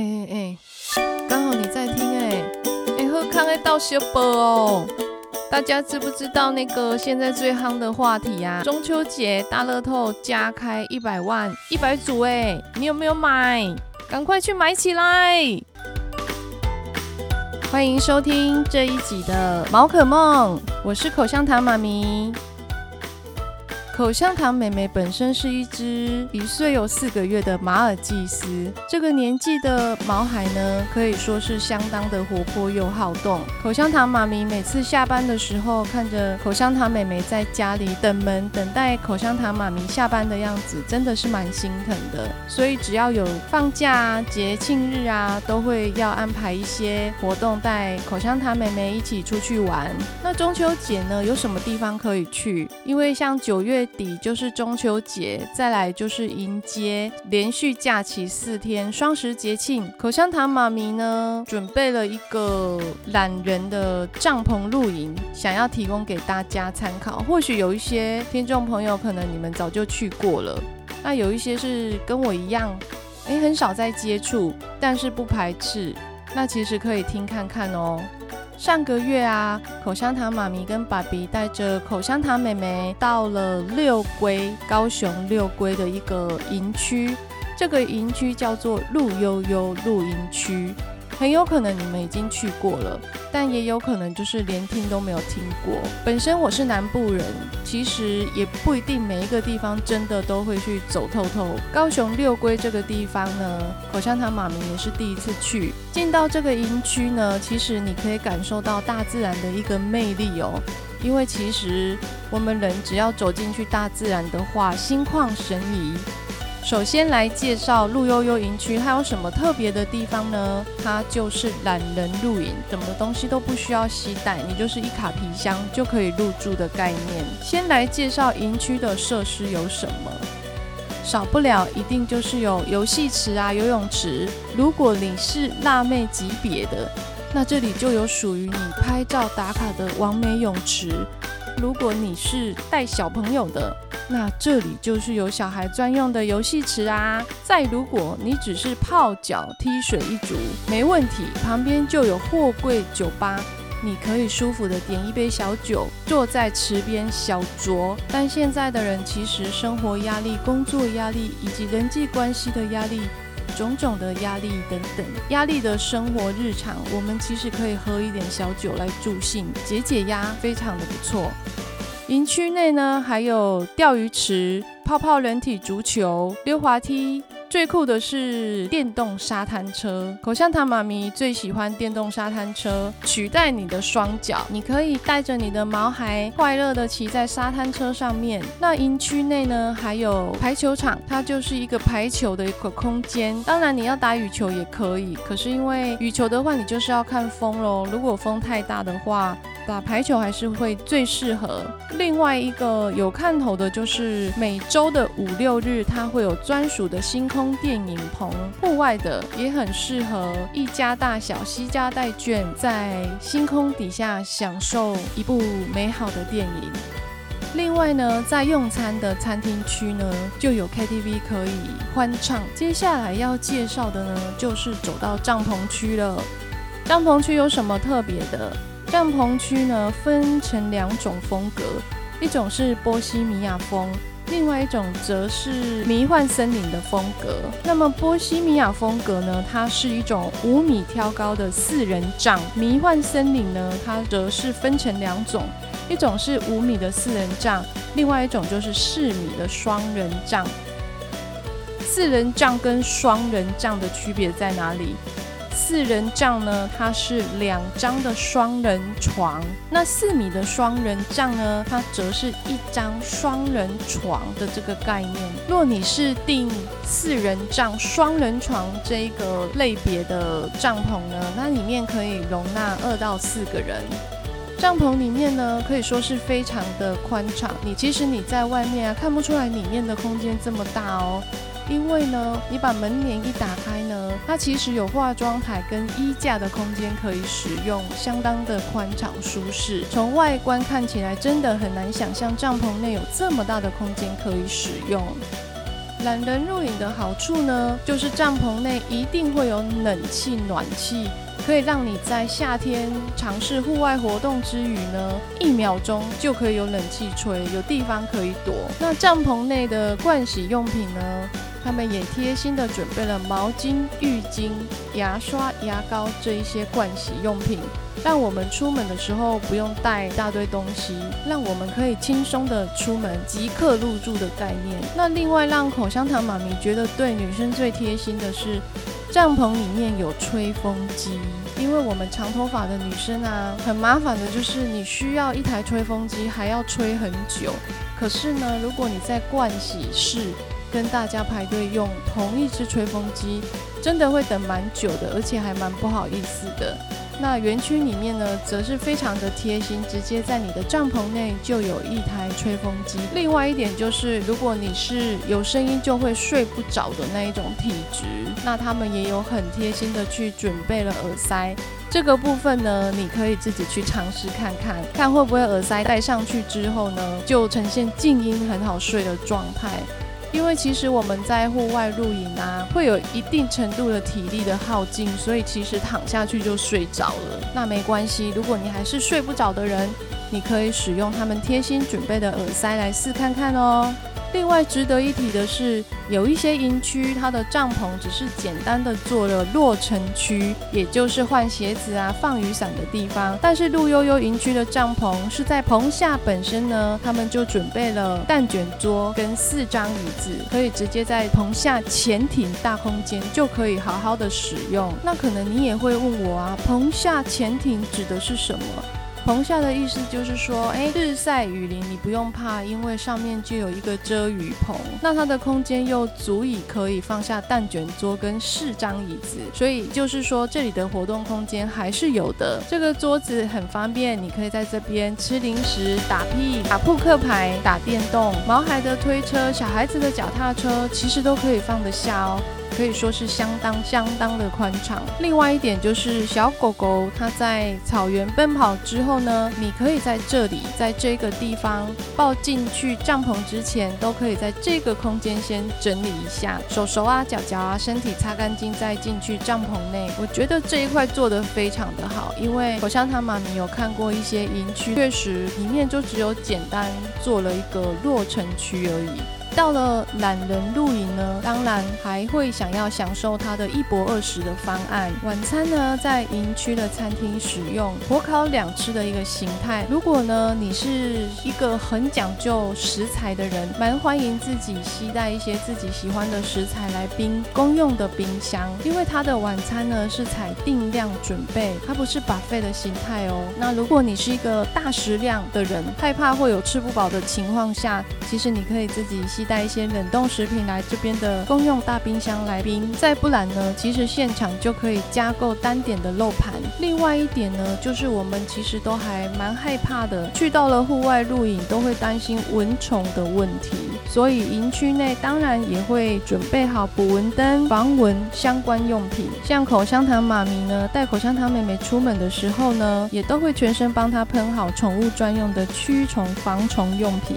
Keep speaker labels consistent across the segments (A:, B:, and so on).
A: 哎哎哎，剛、欸欸欸、好你在聽哎、欸，哎、欸、喝咖啡到小貝哦！大家知不知道那個現在最夯的話題呀、啊？中秋節大樂透加開一百萬一百組哎、欸，你有沒有買？趕快去買起來！歡迎收聽這一集的《毛可夢》，我是口香糖媽咪。口香糖妹妹本身是一隻一歲有四個月的馬爾濟斯，這個年紀的毛孩呢，可以說是相當的活潑又好動。口香糖媽咪每次下班的時候，看着口香糖妹妹在家裡等門，等待口香糖媽咪下班的樣子，真的是蠻心疼的。所以只要有放假啊、節慶日啊，都會要安排一些活動，帶口香糖妹妹一起出去玩。那中秋節呢，有什麼地方可以去？因為像九月底就是中秋節，再來就是迎接連續假期四天，雙十節慶。口香糖媽咪呢，準備了一個懶人的帳篷露營，想要提供給大家參考。或許有一些聽眾朋友，可能你們早就去過了，那有一些是跟我一樣，哎、欸，很少在接觸，但是不排斥，那其實可以聽看看哦、喔。上個月啊，口香糖媽咪跟爸比帶着口香糖妹妹到了六龜，高雄六龜的一個營區，這個營區叫做露悠悠露營區。很有可能你們已經去過了，但也有可能就是連聽都沒有聽過。本身我是南部人，其實也不一定每一個地方真的都會去走透透。高雄六龜這個地方呢，口香糖馬麻也是第一次去。進到這個營區呢，其實你可以感受到大自然的一個魅力哦，因為其實我們人只要走進去大自然的話，心曠神怡。首先來介紹露悠悠營區，它有什麼特別的地方呢？它就是懶人露營，什麼東西都不需要攜帶，你就是一卡皮箱就可以入住的概念。先來介紹營區的設施有什麼，少不了一定就是有遊戲池啊、游泳池。如果你是辣妹級別的，那這裡就有屬於你拍照打卡的完美泳池。如果你是帶小朋友的，那這裡就是有小孩專用的遊戲池啊。再如果你只是泡腳、踢水一族，沒問題，旁邊就有貨櫃酒吧，你可以舒服的點一杯小酒，坐在池邊小酌。但現在的人其實生活壓力、工作壓力以及人際關係的壓力。種種的壓力等等，壓力的生活日常，我們其實可以喝一點小酒來助興、解解壓，非常的不錯。營區內呢，還有釣魚池、泡泡人體足球、溜滑梯。最酷的是電動沙灘車，口香糖媽咪最喜歡電動沙灘車，取代你的雙腳，你可以帶着你的毛孩快樂地騎在沙灘車上面。那營區內呢，還有排球場，它就是一個排球的一個空間。當然你要打羽球也可以，可是因為羽球的話，你就是要看風咯，如果風太大的話，打排球還是會最適合。另外一個有看頭的，就是每週的五六日，它會有專屬的星空電影棚，戶外的也很適合一家大小、攜家帶眷，在星空底下享受一部美好的電影。另外呢，在用餐的餐廳區呢，就有 KTV 可以歡唱。接下來要介紹的呢，就是走到帳篷區了。帳篷區有什麼特別的？帳篷區呢，分成兩種風格，一種是波西米亞風，另外一種則是迷幻森林的風格。那麼波西米亞風格呢，它是一種五米挑高的四人帳；迷幻森林呢，它則是分成兩種，一種是五米的四人帳，另外一種就是四米的雙人帳。四人帳跟雙人帳的區別在哪裡？四人帳呢，它是兩張的雙人床；那四米的雙人帳呢，它則是一張雙人床的這個概念。若你是訂四人帳雙人床這一個類別的帳篷呢，那裡面可以容納二到四個人。帳篷裡面呢，可以說是非常的寬敞。你其實你在外面啊，看不出來裡面的空間這麼大哦。因為呢，你把門簾一打開呢，它其實有化妝台跟衣架的空間可以使用，相當的寬敞舒適。從外觀看起來，真的很難想象帳篷內有這麼大的空間可以使用。懶人露營的好處呢，就是帳篷內一定會有冷氣、暖氣，可以讓你在夏天嘗試戶外活動之餘呢，一秒鐘就可以有冷氣吹，有地方可以躲。那帳篷內的盥洗用品呢？他們也貼心的準備了毛巾、浴巾、牙刷、牙膏這一些盥洗用品，讓我們出門的時候不用帶一大堆東西，讓我們可以輕鬆的出門即刻入住的概念。那另外讓口香糖媽咪覺得對女生最貼心的是，帳篷裡面有吹風機，因為我們長頭髮的女生啊，很麻煩的就是你需要一台吹風機，還要吹很久，可是呢，如果你在盥洗室，跟大家排隊用同一支吹風機，真的會等蠻久的，而且還蠻不好意思的。那園區裡面呢，則是非常的貼心，直接在你的帳篷內就有一台吹風機。另外一點就是，如果你是有聲音就會睡不着的那一種體質，那他們也有很貼心的去準備了耳塞。這個部分呢，你可以自己去嘗試看看，看會不會耳塞戴上去之後呢，就呈現靜音很好睡的狀態。因為其實我們在戶外露營啊，會有一定程度的體力的耗盡，所以其實躺下去就睡着了。那沒關係，如果你還是睡不着的人，你可以使用他們貼心準備的耳塞來試看看哦。另外值得一提的是，有一些營區它的帳篷只是簡單的做了落塵區，也就是換鞋子啊、放雨傘的地方。但是露悠悠營區的帳篷是在棚下本身呢，他們就準備了蛋卷桌跟四張椅子，可以直接在棚下前庭大空間就可以好好的使用。那可能你也會問我啊，棚下前庭指的是什麼？棚下的意思就是說，哎、欸，日曬雨淋你不用怕，因為上面就有一個遮雨棚。那它的空間又足以可以放下蛋捲桌跟四張椅子，所以就是說這裡的活動空間還是有的。這個桌子很方便，你可以在這邊吃零食、打屁、打撲克牌、打電動、毛孩的推車、小孩子的腳踏車，其實都可以放得下哦。可以說是相當相當的寬敞。另外一點就是小狗狗它在草原奔跑之後呢，你可以在這裡，在這個地方抱進去帳篷之前，都可以在這個空間先整理一下手手啊、腳腳啊、身體擦乾淨，再進去帳篷內。我覺得這一塊做得非常的好，因為我像他媽咪，你有看過一些營區，確實裡面就只有簡單做了一個落成區而已。到了懶人露營呢，當然還會想要享受它的一泊二食的方案。晚餐呢，在營區的餐廳使用火烤兩吃的一個形態。如果呢，你是一個很講究食材的人，蠻歡迎自己攜帶一些自己喜歡的食材來冰公用的冰箱，因為它的晚餐呢是採定量準備，它不是 buffet 的形態哦。那如果你是一個大食量的人，害怕會有吃不飽的情況下，其實你可以自己。帶一些冷凍食品來這邊的公用大冰箱來冰，再不然呢，其實現場就可以加購單點的肉盤。另外一點呢，就是我們其實都還蠻害怕的，去到了戶外露營都會擔心蚊蟲的問題，所以營區內當然也會準備好捕蚊燈、防蚊相關用品，像口香糖媽咪呢，帶口香糖妹妹出門的時候呢，也都會全身幫她噴好寵物專用的驅蟲防蟲用品。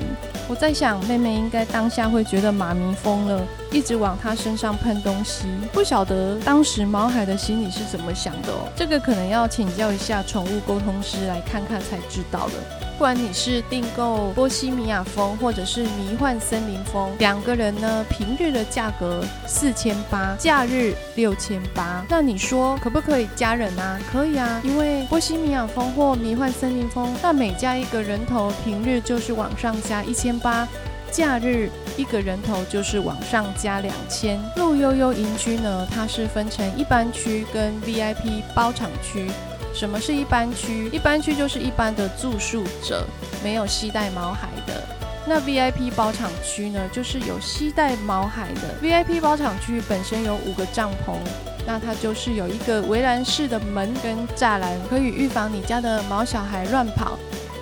A: 我在想，妹妹應該當。下會覺得媽咪瘋了，一直往他身上噴東西，不曉得當時毛孩的心裡是怎麼想的哦，這個可能要請教一下寵物溝通師來看看才知道了。不管你是訂購波西米亞風或者是迷幻森林風，兩個人呢平日的價格四千八，假日六千八。那你說可不可以加人啊？可以啊，因為波西米亞風或迷幻森林風，那每加一個人頭，平日就是往上加一千八，假日。一個人頭就是往上加兩千。露悠悠營區呢，它是分成一般區跟 VIP 包場區。什麼是一般區？一般區就是一般的住宿者，沒有攜帶毛孩的。那 VIP 包場區呢，就是有攜帶毛孩的。VIP 包場區本身有五個帳篷，那它就是有一個圍欄式的門跟柵欄，可以預防你家的毛小孩亂跑。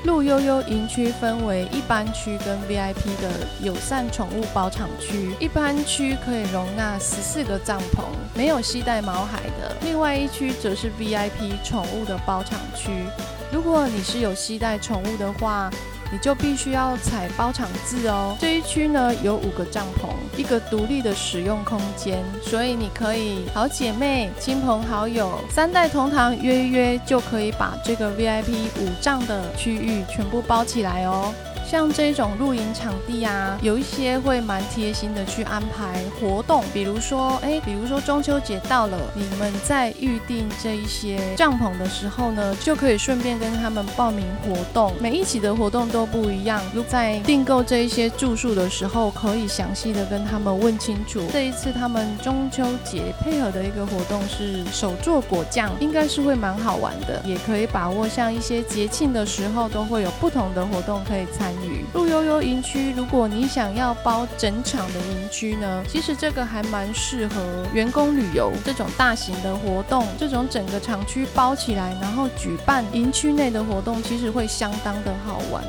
A: 露悠悠營區分為一般區跟 VIP 的友善寵物包場區，一般區可以容納十四個帳篷，沒有攜帶毛孩的；另外一區則是 VIP 寵物的包場區。如果你是有攜帶寵物的話，你就必須要採包場制哦。這一區呢，有五個帳篷，一個獨立的使用空間，所以你可以好姐妹、親朋好友、三代同堂約一約，就可以把這個 VIP 五帳的區域全部包起來哦。像這種露營場地啊，有一些會蠻貼心的去安排活動，比如說，哎、欸，比如說中秋節到了，你們在預訂這一些帳篷的時候呢，就可以順便跟他們報名活動。每一期的活動都不一樣，如在訂購這一些住宿的時候，可以詳細的跟他們問清楚。這一次他們中秋節配合的一個活動是手作果醬，應該是會蠻好玩的，也可以把握，像一些節慶的時候，都會有不同的活動可以參與。露悠悠營區，如果你想要包整場的營區呢，其實這個還蠻適合員工旅遊這種大型的活動，這種整個場區包起來，然後舉辦營區內的活動，其實會相當的好玩。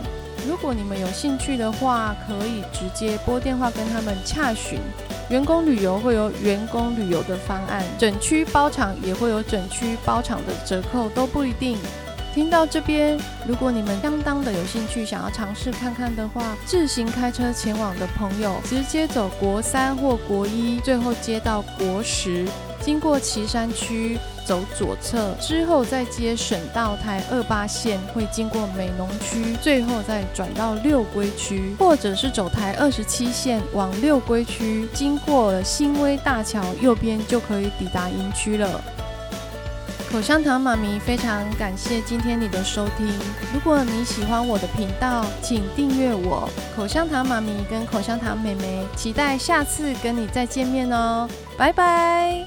A: 如果你們有興趣的話，可以直接撥電話跟他們洽詢。員工旅遊會有員工旅遊的方案，整區包場也會有整區包場的折扣，都不一定。聽到這邊，如果你們相當的有興趣，想要嘗試看看的話，自行開車前往的朋友，直接走國三或國一，最後接到國十，經過旗山區走左側之後，再接省道台二八線，會經過美濃區，最後再轉到六龜區，或者是走台二十七線往六龜區，經過了新威大橋右邊就可以抵達營區了。口香糖媽咪非常感謝今天你的收聽。如果你喜歡我的頻道，請訂閱我。口香糖媽咪跟口香糖妹妹，期待下次跟你再見面哦，拜拜。